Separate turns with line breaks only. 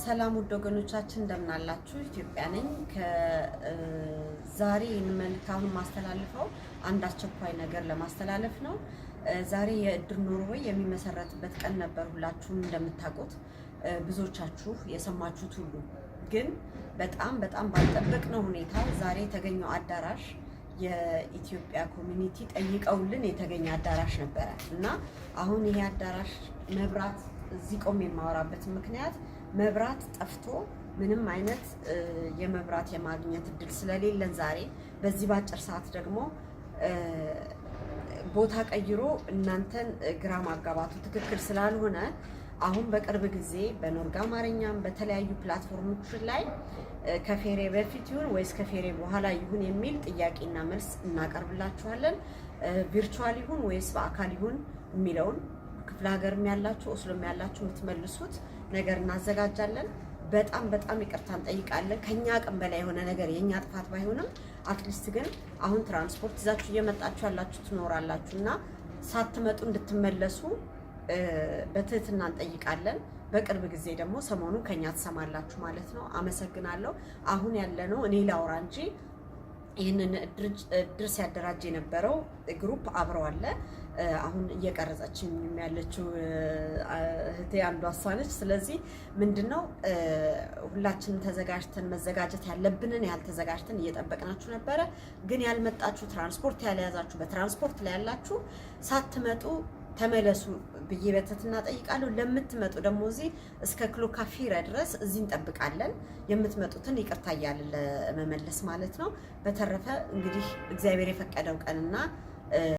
ሰላም ውድ ወገኖቻችን እንደምናላችሁ ኢትዮጵያ ነኝ። ዛሬ አሁን ማስተላልፈው አንድ አስቸኳይ ነገር ለማስተላለፍ ነው። ዛሬ የእድር ኖርዌይ የሚመሰረትበት ቀን ነበር። ሁላችሁም እንደምታውቁት ብዙዎቻችሁ የሰማችሁት ሁሉ ግን በጣም በጣም ባልጠበቅነው ሁኔታ ዛሬ የተገኘው አዳራሽ የኢትዮጵያ ኮሚኒቲ ጠይቀውልን የተገኘ አዳራሽ ነበረ እና አሁን ይሄ አዳራሽ መብራት እዚህ ቆም የማወራበት ምክንያት መብራት ጠፍቶ ምንም አይነት የመብራት የማግኘት እድል ስለሌለን ዛሬ በዚህ በአጭር ሰዓት ደግሞ ቦታ ቀይሮ እናንተን ግራ ማጋባቱ ትክክል ስላልሆነ አሁን በቅርብ ጊዜ በኖርጋ አማርኛም በተለያዩ ፕላትፎርሞች ላይ ከፌሬ በፊት ይሁን ወይስ ከፌሬ በኋላ ይሁን የሚል ጥያቄና መልስ እናቀርብላችኋለን። ቪርቹዋል ይሁን ወይስ በአካል ይሁን የሚለውን ክፍለ ሀገርም ያላችሁ ኦስሎም ያላችሁ የምትመልሱት ነገር እናዘጋጃለን። በጣም በጣም ይቅርታ እንጠይቃለን። ከኛ አቅም በላይ የሆነ ነገር የኛ ጥፋት ባይሆንም አትሊስት ግን አሁን ትራንስፖርት ይዛችሁ እየመጣችሁ ያላችሁ ትኖራላችሁ እና ሳትመጡ እንድትመለሱ በትህትና እንጠይቃለን። በቅርብ ጊዜ ደግሞ ሰሞኑን ከኛ ትሰማላችሁ ማለት ነው። አመሰግናለሁ። አሁን ያለነው እኔ ላውራ እንጂ ይህንን ድርስ ሲያደራጅ የነበረው ግሩፕ አብረው አለ። አሁን እየቀረጸችን ያለችው እህቴ አንዷ እሷ ነች። ስለዚህ ምንድነው ነው ሁላችንም ተዘጋጅተን መዘጋጀት ያለብንን ያህል ተዘጋጅተን እየጠበቅናችሁ ነበረ። ግን ያልመጣችሁ ትራንስፖርት ያልያዛችሁ፣ በትራንስፖርት ላይ ያላችሁ ሳትመጡ ተመለሱ ብዬ በትህትና እጠይቃለሁ። ለምትመጡ ደግሞ እዚህ እስከ ክሎካፊረ ድረስ እዚህ እንጠብቃለን። የምትመጡትን ይቅርታ ለመመለስ ማለት ነው። በተረፈ እንግዲህ እግዚአብሔር የፈቀደው ቀንና